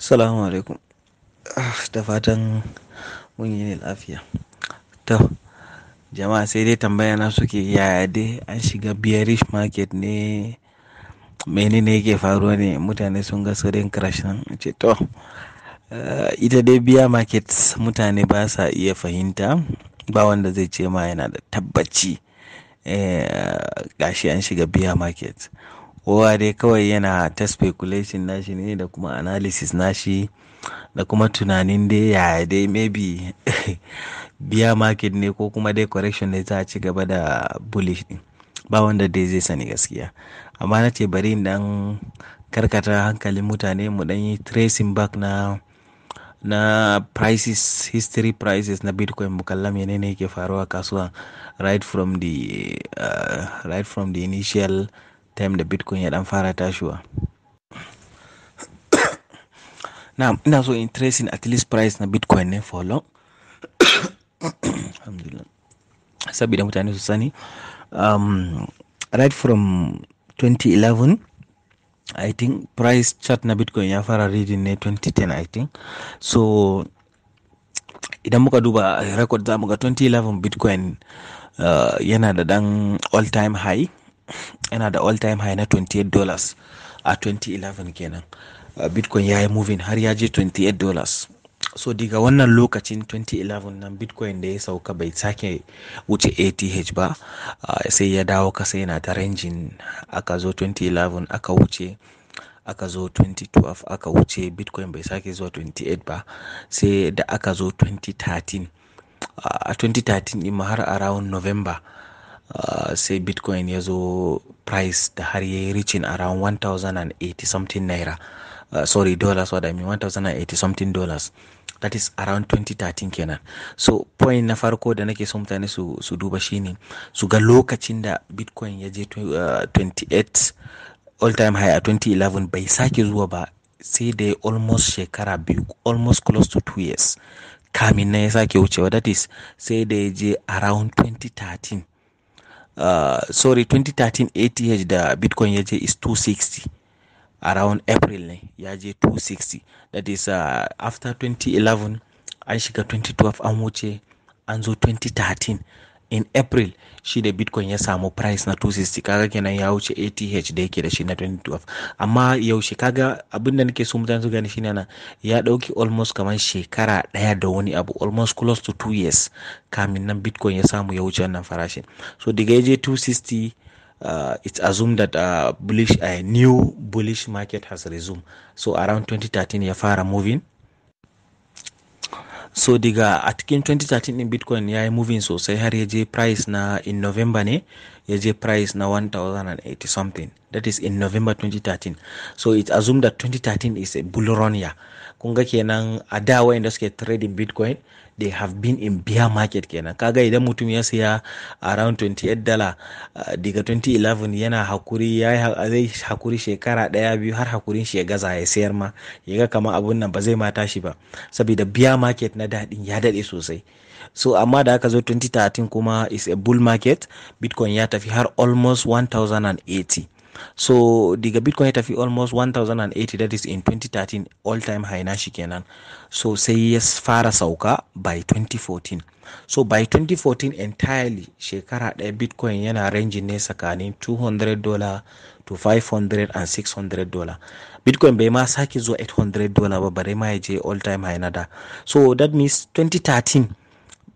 Salamu alaikum. Ah, da fatan mun yi lafiya. To, jama'a sai dai tambaya na suke yaya dai an shiga bearish market ne menene yake faruwa ne mutane sun ga sudden crash nan ce to eh, ita dai biya market mutane ba sa iya fahimta ba wanda zai ce ma yana da tabbaci eh, gashi an shiga biya market. kowa dai kawai yana ta speculation nashi ne da kuma analysis nashi da kuma tunanin dai ya dai maybe biya market ne ko kuma dai correction ne za ci gaba da bullish din ba wanda dai zai sani gaskiya amma na ce bari dan karkata hankalin mutane mu dan yi tracing back na na prices history prices na bitcoin mu kalla menene yake faruwa kasuwa right from the eh, right from the initial time da bitcoin ya dan fara tashiwa na ina so in tracing at least price na bitcoin ne for long alhamdulillah saboda mutane su sani um, right from 2011 i think price chart na bitcoin ya fara reading ne 2010 i think so idan muka duba record za mu ga 2011 bitcoin uh, yana da dan all time high yana da all time high na 28 dollars a 2011 kenan bitcoin ya yi moving har ya je 28 dollars so daga wannan lokacin 2011 nan bitcoin da ya sauka bai sake wuce ath ba sai ya dawo kasa yana ta rangin aka zo 2011 aka wuce aka zo 2012 aka wuce bitcoin bai sake zuwa 28 ba sai da aka zo 2013 a uh, 2013 ma har a rawun november Ah, sai bitcoin ya zo price da har ya yi reaching around 1080 something naira uh, sorry dollars what I mean 1080 something dollars that is around 2013 kenan so point na farko da nake so mutane su, su duba shine su ga lokacin da bitcoin ya je uh, ah, 28 all time high a 2011 bai sake zuwa ba sai da almost shekara biyu almost close to two years kamin na ya sake wucewa that is sai da ya je around 2013 Uh, sorry 2013 ATH da Bitcoin ya je is 260 around April ne ya je 260 that is uh, after 2011 an shiga 2012 an wuce an zo 2013 in april shi da bitcoin ya samu price na 260 kaga kenan ya wuce ath da yake da shi na 2012 amma yaushe kaga abin da nake so mutane su gani shi na ya dauki almost kamar shekara daya da wani abu almost close to 2 years kamin nan bitcoin ya samu ya wuce wannan farashin so daga ya 260 uh, it's assumed that uh, bullish, a uh, new bullish market has resumed so around 2013 ya fara moving so diga a cikin 2013 din bitcoin ya yi moving sosai har ya je price na in november ne ya je price na 1080 something that is in november 2013 so it assumed that 2013 is a bull run year kun ga kenan a da wayanda suke trading bitcoin they have been in bear market kenan kaga idan mutum ya siya around 28 dala ah, daga 2011 yana hakuri ya zai hakuri shekara daya biyu har hakurin shi ya gaza ya sayar ma ya ga kamar abun nan ba zai ma tashi ba saboda bear market na daɗin ya daɗe sosai so amma da aka zo 2013 kuma is a bull market bitcoin ya tafi har almost 1080 so daga bitcoin ya tafi almost 1080 that is in 2013 all time high shi kenan so sai ya fara sauka by 2014 so by 2014 entirely shekara ɗaya bitcoin yana range ne tsakanin 200 dollar to 500 and 600 dollar bitcoin bai ma sake zuwa 800 dollar ba bare ma ya je all time high na da so that means 2013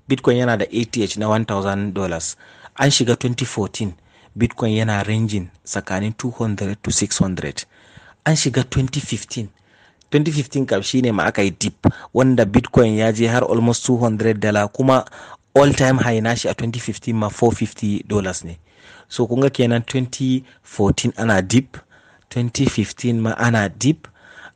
bitcoin yana da ath na 1000 dollars an shiga 2014 bitcoin yana ranging tsakanin 200 to 600 an shiga 2015 2015 kam shine ma aka yi dip wanda bitcoin ya je har almost 200 dala kuma all time high shi a 2015 ma 450 dollars ne so kunga kenan 2014 ana dip 2015 ma ana dip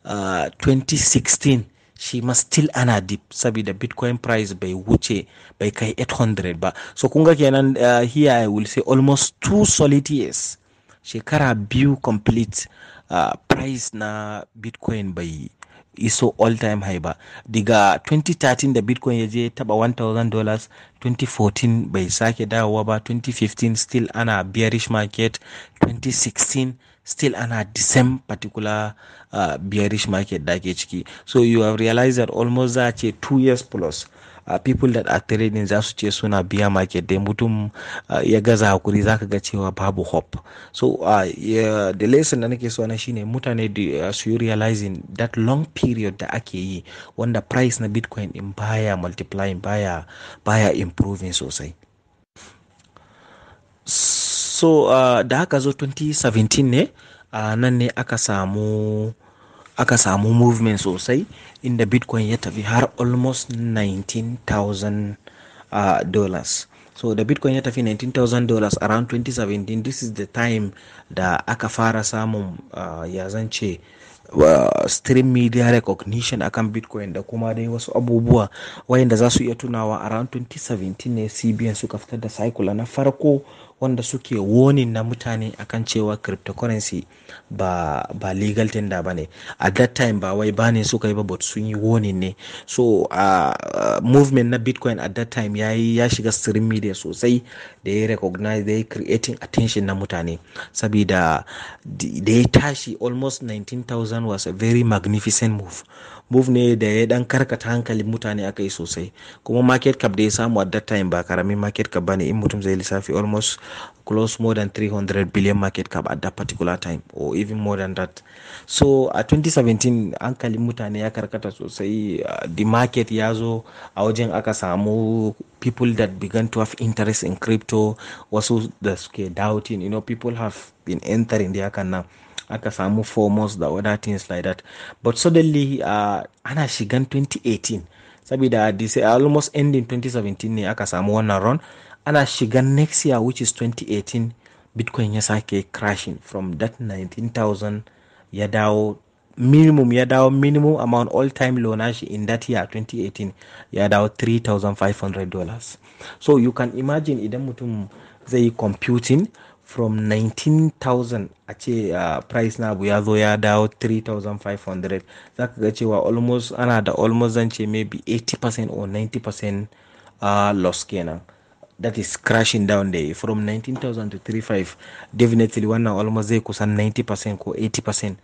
uh, 2016 shi ma still ana dip saboda bitcoin price bai wuce bai kai 800 ba so kunga kenan uh, here i will say almost two solid years shekara biyu complete uh, price na bitcoin bai iso all time high ba daga 2013 da bitcoin ya je taba 1000 dollars 2014 bai sake dawowa ba 2015 still ana bearish market 2016 still ana the same particular uh, bearish market da ake ciki so you have realized that almost za ce two years plus uh, people that are trading za su ce suna biya market dai mutum uh, ya gaza hakuri ka ga cewa babu hop. so uh, yeah, the lesson da nake so na shine mutane da uh, su realizing that long period da ake yi wanda price na bitcoin in baya multiplying baya baya improving sosai so uh, da haka zo 2017 ne uh, nan ne aka samu aka samu movement sosai inda bitcoin ya tafi har almost 19,000 uh, dollars so da bitcoin ya tafi 19,000 dollars around 2017 this is the time da aka fara samun uh, ya zance Uh, stream media recognition akan bitcoin da kuma dai wasu abubuwa wayanda za su iya tunawa around 2017 ne cbn suka fitar da cycle na farko wanda suke warning na mutane akan cewa cryptocurrency ba, ba legal tender ba ne at that time ba wai bane suka yi ba but sun yi warning ne so uh, uh, movement na bitcoin at that time ya ya shiga stream media sosai da ya recognize da ya creating attention na mutane saboda da ya tashi almost 19,000 was a very magnificent move move ne da ya dan karkata hankalin mutane aka yi sosai kuma market cap da ya samu at that time ba karamin market cap bane in mutum zai lissafi almost close more than 300 billion market cap at that particular time or even more than that so a uh, 2017 hankalin mutane ya karkata sosai uh, the market ya zo a wajen aka samu people that began to have interest in crypto wasu da suke doubting you know people have been entering the account nan aka samu foremost da other things like that but suddenly uh, ana shigan 2018 saboda uh, almost ending 2017 ne aka samu wannan run ana shiga next year which is 2018 bitcoin ya sake crashing from that 19,000 ya dawo minimum ya dawo minimum amount all time low nashi in that year 2018 ya dawo 3,500 dollars so you can imagine idan mutum zai yi computing from 19,000 a ce price na abu ya zo ya dawo 3,500 za ka ga cewa almost ana da almost zance maybe 80% or 90% uh, loss kenan that is crashing down there from 19,000 to 35 definitely wannan almost zai kusan 90% ko 80%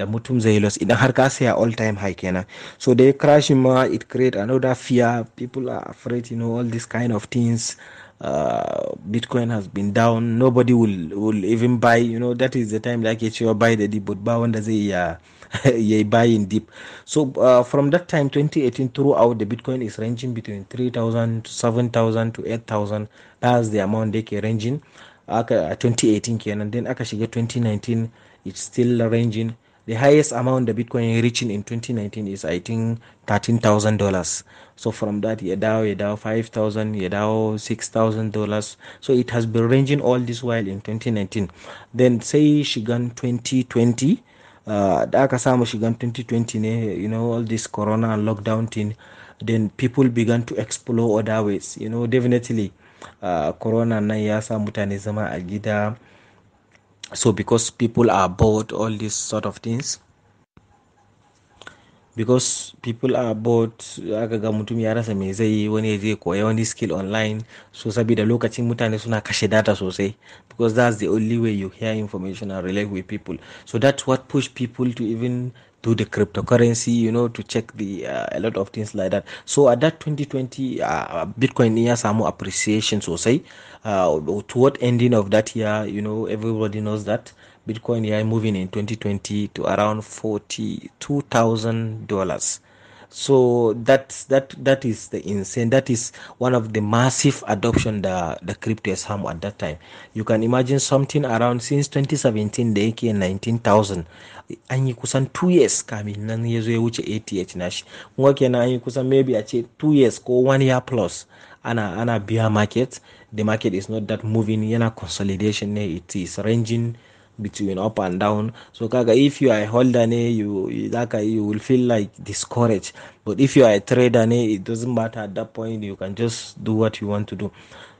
da mutum zai loss idan har ka saya all time high kenan so da crashing ma it create another fear people are afraid you know all these kind of things Uh, bitcoin has been down nobody will, will even buy you know that is the time like it's your buy the dip but ba wanda zai iya yeah, buying deep. So uh, from that time, 2018, throughout the Bitcoin is ranging between 3,000 to 7,000 to 8,000. That's the amount they can ranging. Aka uh, 2018 and then aka 2019 it's still ranging the highest amount the bitcoin reaching in 2019 is i think $13000 so from that you down you down 5000 you down $6000 so it has been ranging all this while in 2019 then say she gone 2020 Ah, da aka samu shigan 2020 ne you know all this corona and lockdown thing then people began to explore other ways you know definitely uh, corona nan ya sa mutane zama a gida so because people are bored all these sort of things because people are bored aka ga mutum ya rasa mai zai yi wani koya wani skill online so saboda lokacin mutane suna kashe data sosai because that's the only way you hear information and relate with people so that's what push people to even do the cryptocurrency you know to check the uh, a lot of things like that so at that 2020 uh, bitcoin ya samu appreciation sosai uh, toward ending of that year you know everybody knows that bitcoin ya yi moving in 2020 to around $42,000 so that's that that is the insane that is one of the massive adoption the the crypto has had at that time you can imagine something around since 2017 da yake 19000 an yi kusan 2 years kamin nan ya zo ya wuce ATH nashi kuma kenan an yi kusan maybe a ce 2 years ko 1 year plus ana ana biya market the market is not that moving yana consolidation ne it is ranging between up and down so kaga if you are a holder ne you zaka you will feel like discouraged but if you are a trader ne it doesn't matter at that point you can just do what you want to do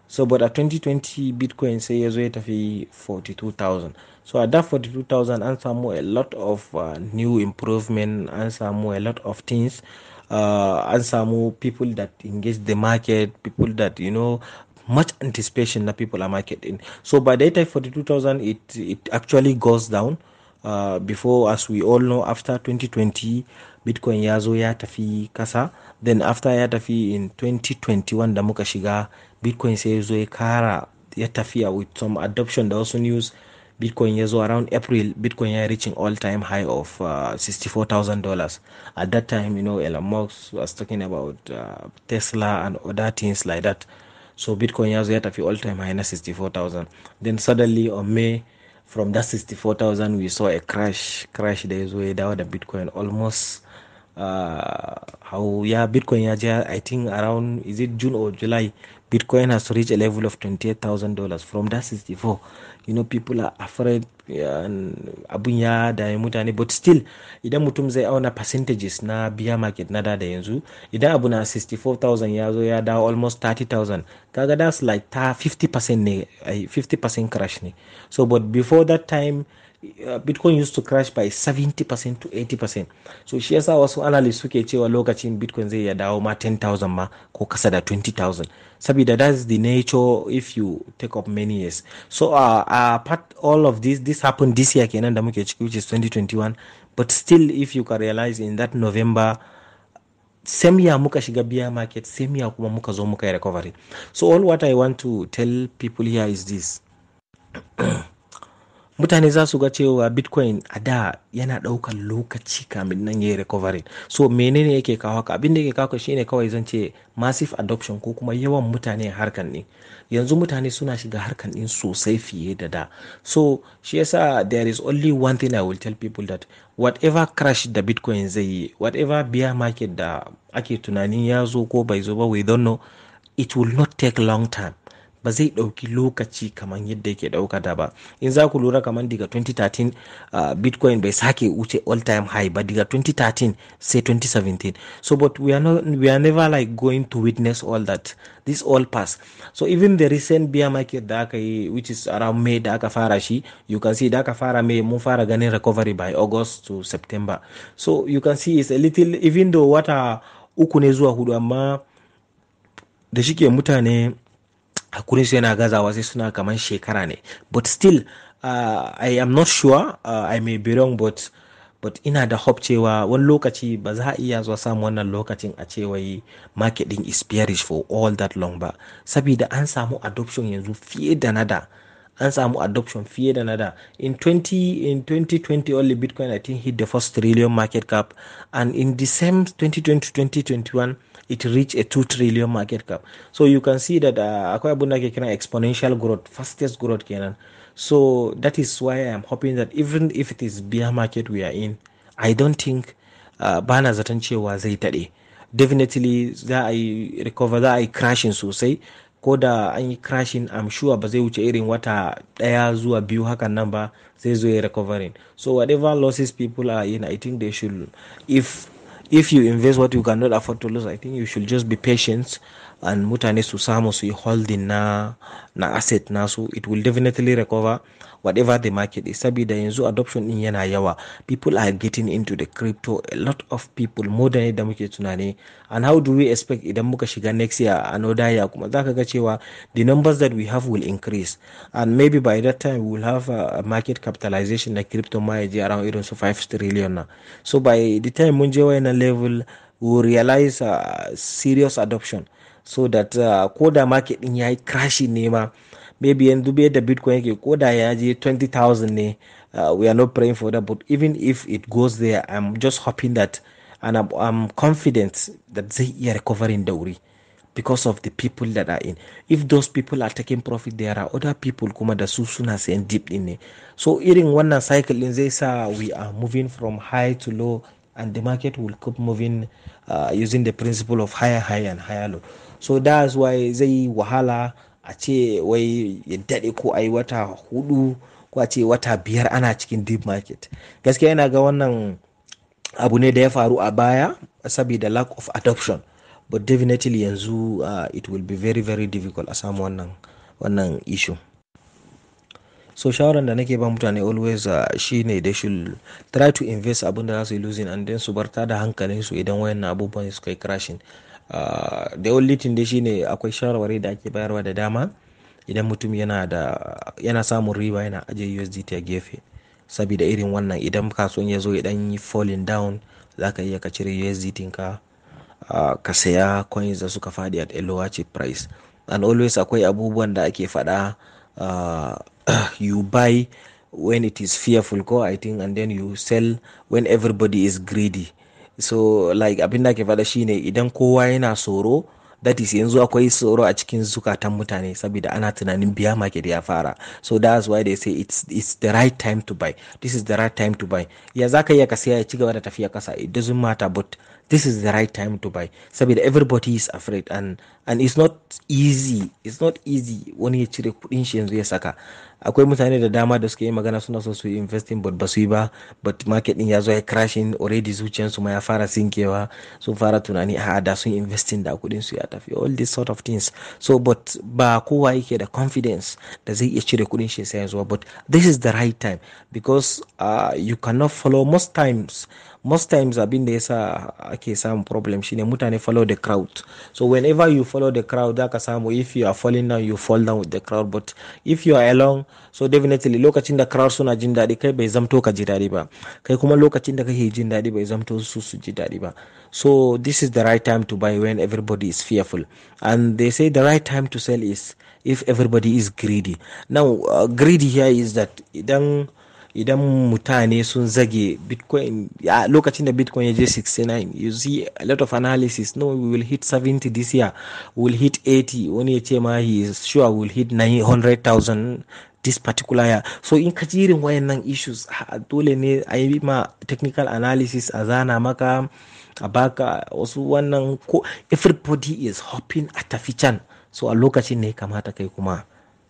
so but at 2020 bitcoin say is zo of tafi 42000 so at that 42000 some more, a lot of uh, new improvement some more, a lot of things uh, some more people that engage the market people that you know much anticipation that people are marketing. So by the time 42,000, it, it actually goes down. Uh, before, as we all know, after 2020, Bitcoin yazo zo ya tafi kasa. Then after ya tafi in 2021 damuka shiga, Bitcoin sai ya kara ya with some adoption da also news. Bitcoin ya around April, Bitcoin ya reaching all-time high of uh, $64,000. At that time, you know, Elon Musk was talking about uh, Tesla and other things like that so bitcoin yazo yet at all time high na 64000 then suddenly on may from that 64000 we saw a crash crash da yazo ya dawo bitcoin almost uh, how yeah bitcoin ya i think around is it june or july Bitcoin has reached a level of $28,000 from that 64. You know, people are afraid abun ya dami mutane but still idan mutum zai auna percentages na biya market na da yanzu idan abu na 64,000 ya zo ya dawo almost 30,000 kaga that's like ta 50% ne crash ne so but before that time Uh, bitcoin used to crash by 70% to 80% so shi yasa wasu analysts suke cewa lokacin bitcoin zai ya dawo ma 10,000 ma ko kasa da 20,000 saboda that's the nature if you take up many years so uh, uh, part all of this this happened this year kenan da muke ciki which is 2021 but still if you can realize in that november same year muka shiga bear market same year kuma muka zo muka yi recovery so all what i want to tell people here is this mutane za su ga cewa bitcoin a da yana ɗaukan lokaci kamin nan ya yi recovery so menene yake kawo haka abin da yake kawo shine kawai zan ce massive adoption ko kuma yawan mutane harkan ne yanzu mutane suna shiga harkan ɗin sosai fiye da da so shi yasa there is only one thing i will tell people that whatever crash da bitcoin zai yi whatever bear market da ake tunanin ya zo ko bai zo ba we don't know it will not take long time ba zai ɗauki lokaci kamar yadda yake ɗauka da ba in za ku lura kamar daga 2013 bitcoin bai sake wuce all time high ba daga 2013 sai 2017 so but we are, not, we are never like going to witness all that this all pass so even the recent bear market da aka yi which is around may da aka fara shi you can see da aka fara may mun fara ganin recovery by august to september so you can see it's a little even though wata uku ne zuwa hudu amma da shike mutane hakurinsu yana gazawa sai suna kamar shekara ne but still uh, i am not sure uh, i may be wrong but but ina da hope cewa wani lokaci ba za a iya zuwa samun wannan lokacin a cewa marketing is bearish for all that long ba sabida an samu adoption yanzu fiye da nada an samu adoption fiye da nada in 20 in 2020 only bitcoin i think hit the first trillion market cap and in the same 2020 2021 it reach a 2 trillion market cap so you can see that uh, akwai abin da ake kira exponential growth fastest growth kenan so that is why i am hoping that even if it is bear market we are in i don't think uh, bana zaton cewa zai taɗe definitely za a yi recover za a yi crashing sosai ko da an yi crashing i'm sure ba zai wuce irin wata ɗaya zuwa biyu hakan nan ba zai zo ya recovering so whatever losses people are in i think they should if if you invest what you cannot afford to lose i think you should just be patient and mutane su samu su yi holding na na asset nasu it will definitely recover whatever the market is sabida yanzu adoption din yana yawa people are getting into the crypto a lot of people more than yadda muke tunani and how do we expect idan muka shiga next year another year kuma zaka ga cewa the numbers that we have will increase and maybe by that time we will have a market capitalization na crypto ma yaje around irin su 5 trillion na so by the time mun je wayannan level we will realize a uh, serious adoption so that uh, ko da market din ya yi crashi ne ma maybe yan dubi da bitcoin yake ko da ya je 20,000 ne uh, we are not praying for that but even if it goes there i'm just hoping that and i'm, I'm confident that zai iya recovering da wuri because of the people that are in if those people are taking profit there are other people kuma da su suna sayan deep din ne so irin wannan cycle din zai sa we are moving from high to low and the market will keep moving uh, using the principle of higher high and higher low so that's why zai wahala a ce wai ya daɗe ko a wata hudu ko a ce wata biyar ana cikin deep market gaskiya yana ga wannan abu ne da ya faru a baya saboda lack of adoption but definitely yanzu uh, it will be very very difficult a samu wannan wannan issue so shawaran da nake ba mutane always uh, shine they should try to invest abinda za su yi losing and then su barta da hankalinsu su idan wayan abubuwan su kai crashing da yawan litin dai shine akwai shawarwari da ake bayarwa da dama idan mutum yana samun riba yana ajiye USDT a gefe Sabida irin wannan idan kasuwan ya zo ya dan yi falling down za ka iya ka cire USDT ka ah, ka saya coins da suka fadi at a lower cheap price and always akwai abubuwan da ake faɗa ah, you buy when it is fearful ko i think and then you sell when everybody is greedy so like abin da ke faɗa shine idan kowa yana tsoro that is yanzu akwai tsoro a cikin zukatan mutane saboda ana tunanin biya market ya fara so that's why they say it's, it's the right time to buy this is the right time to buy ya zaka iya ka siya ya ci gaba da tafiya kasa it doesn't matter but this is the right time to buy saboda everybody is afraid and and it's not easy it's not easy wani ya cire kudin shi yanzu ya saka akwai mutane da dama da suke yi magana suna so su yi investing but ba su yi ba but market din ya zo ya crashing already su ma ya fara sinkewa sun fara tunani a da sun investing da kudin su ya tafi all these sort of things so but ba kowa yake da confidence da zai iya cire kudin shi sai yanzu but this is the right time because uh, you cannot follow most times most times abin da yasa ake samun problem shine mutane follow the crowd so whenever you follow the crowd zaka samu if you are falling down you fall down with the crowd but if you are alone so definitely lokacin da crowd suna jin daɗi kai bai zamto ka ji daɗi ba kai kuma lokacin da kake jin daɗi bai zamto su su ji daɗi ba so this is the right time to buy when everybody is fearful and they say the right time to sell is if everybody is greedy now uh, greedy here is that idan idan mutane sun zage bitcoin a lokacin da bitcoin ya je 69 you see a lot of analysis no we will hit 70 this year we will hit 80 wani ya ce ma he is sure we will hit 900,000 this particular year so in ka jirin wayannan issues dole ne a yi ma technical analysis a zana maka a baka wasu wannan ko everybody is hopping at a fichan so a lokacin ne kamata kai kuma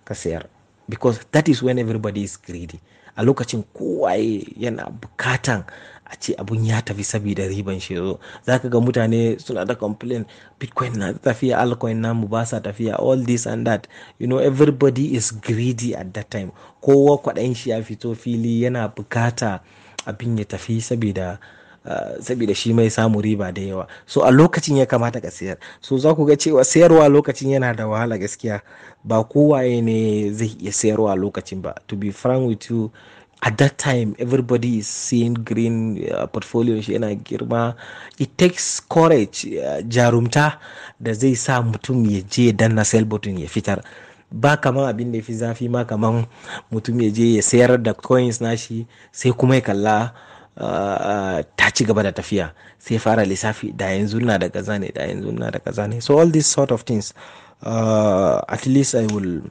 ka sayar because that is when everybody is greedy a lokacin kowaye yana bukatan a ce abun ya tafi saboda riban shi zo za ka ga mutane suna da complain bitcoin na tafiya alcoin mu ba sa tafiya all this and that you know everybody is greedy at that time kowa kwaɗayin shi ya fito fili yana bukata abin ya tafi saboda saboda shi mai samu riba da yawa so a lokacin ya kamata ka sayar so za ku ga cewa sayarwa lokacin yana da wahala gaskiya ba kowaye ne zai iya sayarwa lokacin ba to be frank with you at that time everybody is seeing green uh, portfolio shi yana girma it takes courage uh, jarumta da zai sa mutum ya je danna sell button ya fitar ba kaman abin da ya fi zafi ma kaman mutum ya je ya sayar da coins nashi sai kuma ya kalla ta ci gaba da tafiya sai fara lissafi da yanzu na da kaza ne da yanzu na da kaza ne so all these sort of things uh, at least i will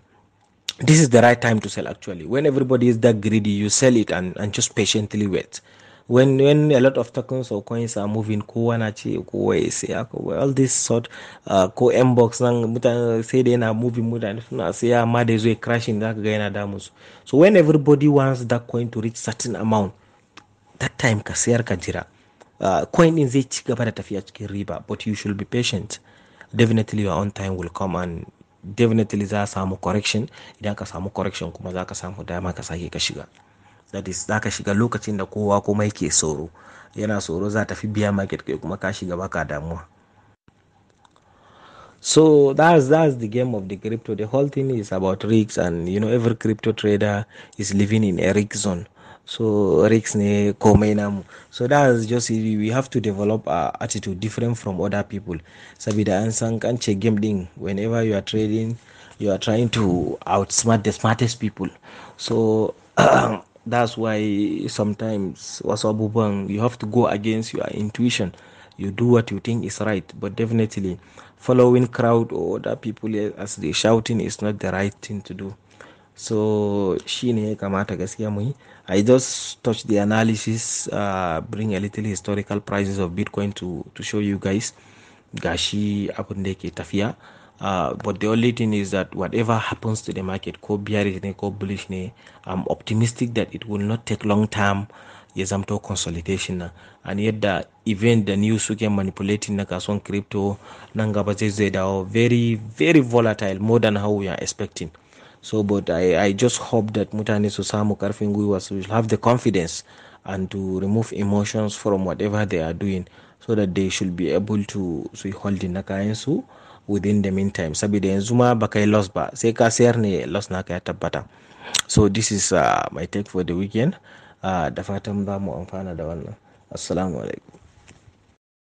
this is the right time to sell actually when everybody is that greedy you sell it and, and just patiently wait when when a lot of tokens or coins are moving kowa na ce kowa ya saya all this sort uh, ko inbox nan mutane sai da yana moving mutane suna saya amma da zai crashing zaka ga yana damu so when everybody wants that coin to reach certain amount that time ka sayar ka jira ah, coin din zai ci gaba da tafiya cikin riba but you should be patient definitely your own time will come and definitely za a samu correction idan ka samu correction kuma za ka samu dama ka sake ka shiga that is za ka shiga lokacin da kowa kuma yake tsoro yana tsoro za tafi biya market kai kuma ka shiga baka damuwa so that's that's the game of the crypto the whole thing is about risks and you know every crypto trader is living in a risk zone so risks ne komai namu so that's just we have to develop our attitude different from other people saboda an san kance game din whenever you are trading you are trying to outsmart the smartest people so that's why sometimes wasu abubuwan you have to go against your intuition you do what you think is right but definitely following crowd or other people as they shouting is not the right thing to do so shine ya kamata gaskiya mu yi i just touch the analysis uh, bring a little historical prices of bitcoin to, to show you guys gashi abin da yake tafiya uh, but the only thing is that whatever happens to the market ko bearish ne ko bullish ne i'm optimistic that it will not take long time I'm zamto consolidation na and yet, event the news suke manipulating na kasuwan crypto nan gaba very very volatile more than how we are expecting so but i, I just hope that mutane su samu karfin gwiwa su have the confidence and to remove emotions from whatever they are doing so that they should be able to su hold na kayan su within the meantime saboda yanzu ma baka yi loss ba sai ka sayar ne loss naka ya tabbata so this is uh, my take for the weekend uh, da fatan ba mu amfana da wannan assalamu alaikum